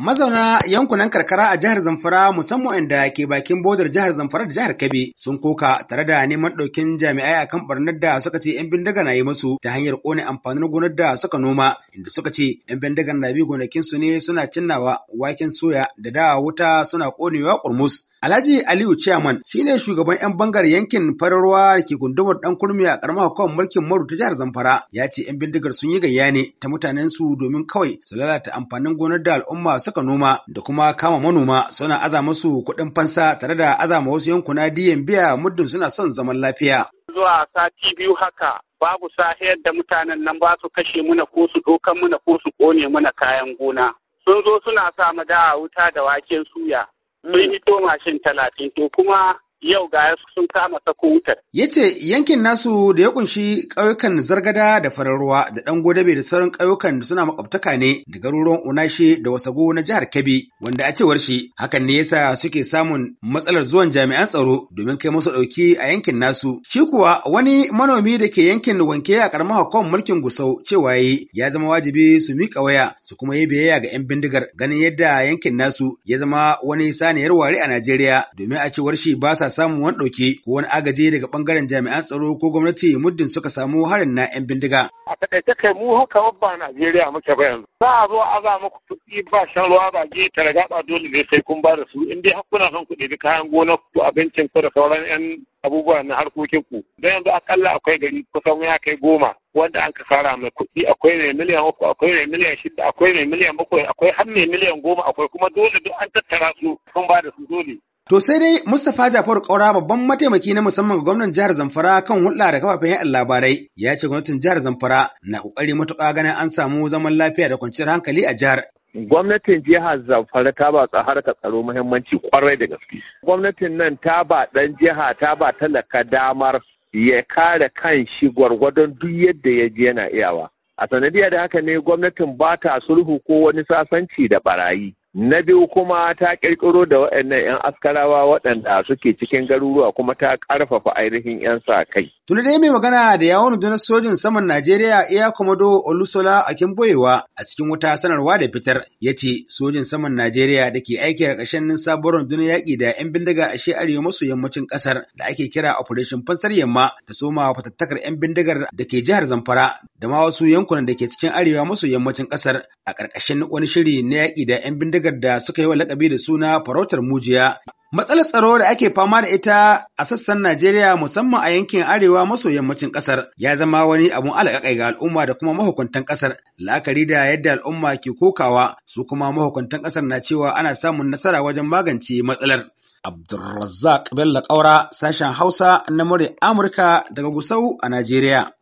Mazauna yankunan karkara a jihar Zamfara musamman inda ke bakin bodar jihar Zamfara da jihar Kebbi sun koka tare da neman ɗaukin jami'ai akan ɓarnar da suka ce 'yan bindiga na yi musu ta hanyar ƙone amfanin gonar da suka noma inda suka ce 'yan bindigan na bi gonakinsu ne suna cinnawa waken soya da da wuta suna ƙonewa ƙurmus Alhaji Aliyu Chairman shine shugaban 'yan bangar yankin Fararwa da ke gundumar ɗan kurmi a karamar hukumar mulkin Maru ta jihar Zamfara ya ce 'yan bindigar sun yi gayya ne ta mutanen su domin kawai su lalata amfanin gonar da al'umma suka noma da kuma kama manoma suna aza musu kuɗin fansa tare da azama wasu yankuna diyan biya muddin suna son zaman lafiya. Zuwa sati biyu haka babu sahiyar da mutanen nan ba su kashe muna ko su dokan muna ko su kone muna kayan gona. Sun zo suna sa da wuta da waken suya. yi to mashin talatin to kuma yau ga sun kama sako wutar. Ya ce yankin nasu da ya kunshi ƙauyukan zargada da fararruwa da ɗan godabe da sauran ƙauyukan da suna makwabtaka ne da garuruwan Unashe da Wasago na jihar Kebbi wanda a cewar shi hakan ne yasa suke samun matsalar zuwan jami'an tsaro domin kai musu ɗauki a yankin nasu. Shi kuwa wani manomi da ke yankin wanke a ƙaramar hakon mulkin Gusau cewa yi ya zama wajibi su miƙa waya su kuma yi biyayya ga 'yan bindigar ganin yadda yankin nasu ya zama wani saniyar ware a Najeriya domin a cewar shi ba sa samun wani ɗauke ko wani agaji daga ɓangaren jami'an tsaro ko gwamnati muddin suka samu harin na 'yan bindiga. A taƙaice kai mu kamar ba Najeriya muke ba yanzu. Za a zo a za muku kuɗi ba shan ruwa ba ge ta ba dole ne sai kun ba da su in dai kuna son kuɗi da kayan gona ku abincin ku da sauran 'yan abubuwa na harkokin ku. Don yanzu akalla akwai gari kusan ya kai goma. wanda an ka fara mai kuɗi akwai mai miliyan uku akwai mai miliyan shida akwai mai miliyan bakwai akwai har mai miliyan goma akwai kuma dole duk an tattara su sun ba da su dole To sai dai Mustapha Jafaru Kaura babban mataimaki na musamman ga gwamnan jihar Zamfara kan hulɗa da kafafen yaɗa labarai ya ce gwamnatin jihar Zamfara na kokari matuƙa ganin an samu zaman lafiya da kwanciyar hankali a jihar. Gwamnatin jihar Zamfara ta ba harkar tsaro muhimmanci kwarai da gaske. Gwamnatin nan ta ba ɗan jiha ta ba talaka damar ya kare kan shi gwargwadon duk yadda ya ji yana iyawa. A sanadiyar da haka ne gwamnatin ba ta sulhu ko wani sasanci da barayi. na biyu kuma ta kirkiro da waɗannan 'yan askarawa waɗanda suke cikin garuruwa kuma ta ƙarfafa ainihin 'yan sa kai Tuli dai mai magana da yawon rundunar sojin saman Najeriya iya komodo Olusola Akinboyewa a cikin wata sanarwa da fitar ya ce sojin saman Najeriya da ke aiki a ƙarshen sabuwar rundunar yaƙi da 'yan bindiga a shi arewa maso yammacin ƙasar da ake kira Operation Fansar Yamma da soma fatattakar 'yan bindigar da ke jihar Zamfara da ma wasu yankunan da ke cikin arewa maso yammacin ƙasar a ƙarƙashin wani shiri na yaƙi da 'yan bindigar da suka yi wa lakabi da suna farautar mujiya Matsalar tsaro da ake fama da ita a sassan Najeriya musamman a yankin arewa maso yammacin ƙasar ya zama wani abun alaƙaƙai ga al'umma da kuma mahukuntan ƙasar. La'akari da yadda al'umma ke kokawa su kuma mahukuntan ƙasar na cewa ana samun nasara wajen magance matsalar. Abdulrazzaq Bello Kaura sashen Hausa na Amurka daga Gusau a Najeriya.